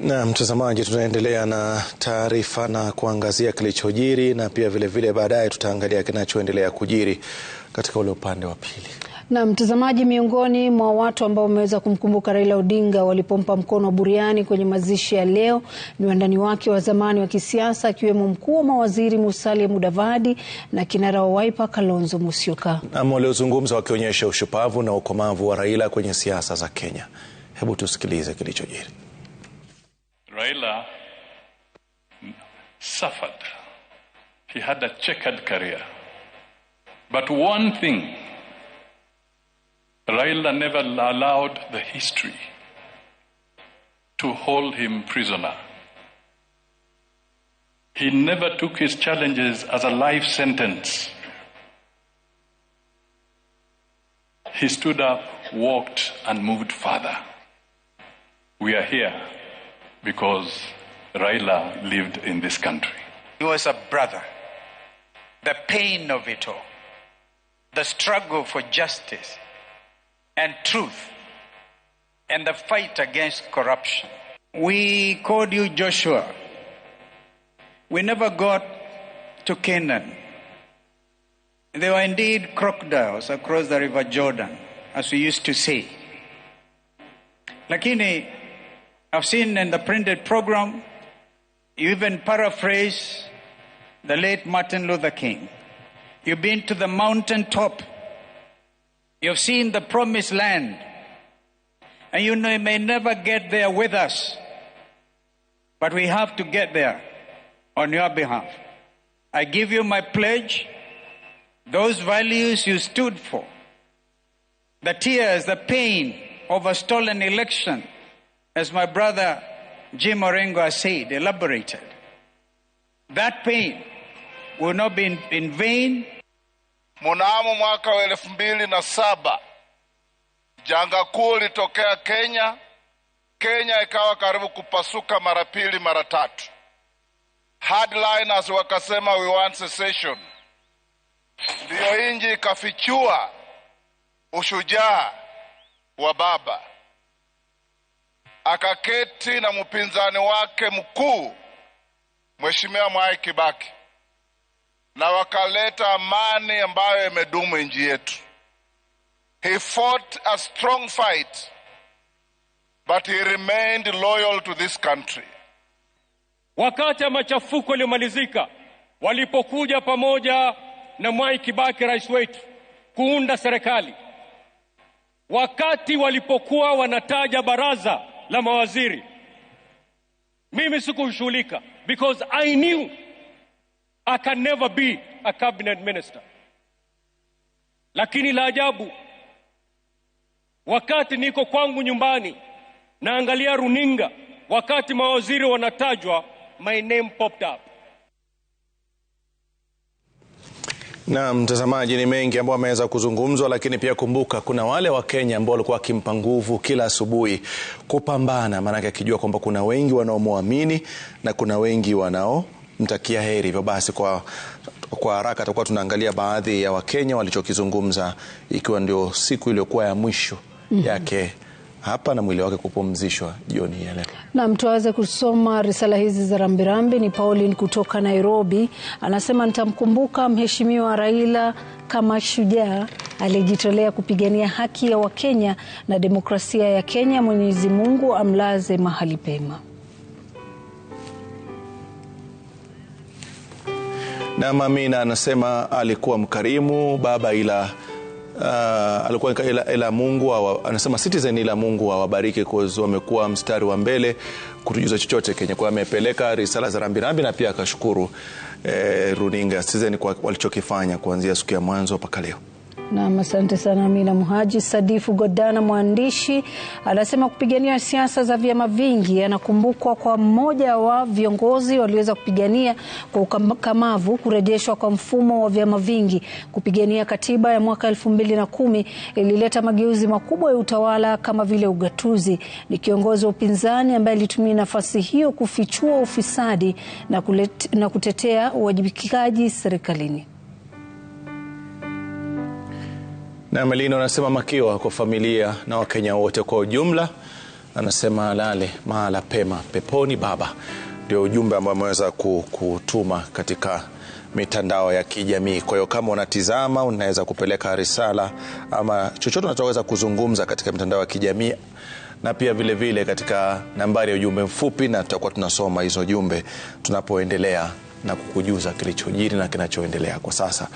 Na mtazamaji, tunaendelea na taarifa na kuangazia kilichojiri na pia vilevile baadaye tutaangalia kinachoendelea kujiri katika ule upande wa pili. Na mtazamaji, miongoni mwa watu ambao wameweza kumkumbuka Raila Odinga walipompa mkono wa buriani kwenye mazishi ya leo ni wandani wake wa zamani wa kisiasa akiwemo mkuu wa mawaziri Musalia Mudavadi na kinara wa Wiper Kalonzo Musyoka. Nam waliozungumza wakionyesha ushupavu na ukomavu wa Raila kwenye siasa za Kenya. Hebu tusikilize kilichojiri. Raila suffered. He had a checkered career. But one thing, Raila never allowed the history to hold him prisoner. He never took his challenges as a life sentence. He stood up, walked, and moved further. We are here because Raila lived in this country. He was a brother. The pain of it all, the struggle for justice and truth, and the fight against corruption. We called you Joshua. We never got to Canaan. There were indeed crocodiles across the river Jordan, as we used to say. Lakini I've seen in the printed program, you even paraphrase the late Martin Luther King. You've been to the mountaintop. You've seen the promised land. And you may never get there with us, but we have to get there on your behalf. I give you my pledge those values you stood for, the tears, the pain of a stolen election, as my brother Jim Orengo said, elaborated, that pain will not be in, in vain. Mnamo mwaka wa elfu mbili na saba janga kuu litokea Kenya. Kenya ikawa karibu kupasuka mara pili mara tatu. Hardliners wakasema we want secession. Ndiyo inji ikafichua ushujaa wa baba akaketi na mpinzani wake mkuu Mheshimiwa Mwai Kibaki, na wakaleta amani ambayo imedumu nchi yetu. He fought a strong fight but he remained loyal to this country. Wakati machafuko yaliyomalizika, walipokuja pamoja na Mwai Kibaki rais wetu kuunda serikali, wakati walipokuwa wanataja baraza la mawaziri, mimi sikushughulika because I knew I can never be a cabinet minister. Lakini la ajabu, wakati niko kwangu nyumbani naangalia runinga, wakati mawaziri wanatajwa, my name popped up. Na mtazamaji, ni mengi ambayo ameweza kuzungumzwa, lakini pia kumbuka, kuna wale Wakenya ambao walikuwa wakimpa nguvu kila asubuhi kupambana, maanake akijua kwamba kuna wengi wanaomwamini na kuna wengi wanaomtakia heri. Hivyo basi, kwa kwa haraka tutakuwa tunaangalia baadhi ya Wakenya walichokizungumza, ikiwa ndio siku iliyokuwa ya mwisho mm -hmm. yake hapa na mwili wake kupumzishwa jioni ya leo. mtu aweze kusoma risala hizi za rambirambi. Ni Pauline kutoka Nairobi anasema, nitamkumbuka Mheshimiwa Raila kama shujaa aliyejitolea kupigania haki ya Wakenya na demokrasia ya Kenya. Mwenyezi Mungu amlaze mahali pema. Na Mamina anasema alikuwa mkarimu baba ila Uh, alikuwa ila, ila Mungu wa, anasema Citizen ila Mungu awabariki cause wamekuwa mstari wa mbele kutujuza chochote kenye kwa amepeleka risala za rambirambi na pia akashukuru eh, runinga Citizen kwa walichokifanya kuanzia siku ya mwanzo mpaka leo. Nam, asante sana Amina Muhaji. Sadifu Godana, mwandishi, anasema kupigania siasa za vyama vingi, anakumbukwa kwa mmoja wa viongozi walioweza kupigania kwa ukakamavu kurejeshwa kwa mfumo wa vyama vingi. Kupigania katiba ya mwaka elfu mbili na kumi ilileta mageuzi makubwa ya utawala kama vile ugatuzi. Ni kiongozi wa upinzani ambaye alitumia nafasi hiyo kufichua ufisadi na, kulete, na kutetea uwajibikaji serikalini. Na Melino anasema makiwa kwa familia na Wakenya wote kwa ujumla, anasema alale mahala pema peponi Baba. Ndio ujumbe ambao ameweza kutuma katika mitandao ya kijamii. Kwa hiyo kama unatizama, unaweza kupeleka risala ama chochote unachoweza kuzungumza katika mitandao ya kijamii na pia vile vile katika nambari ya ujumbe mfupi, na tutakuwa tunasoma hizo jumbe tunapoendelea na kukujuza kilichojiri na kinachoendelea kwa sasa.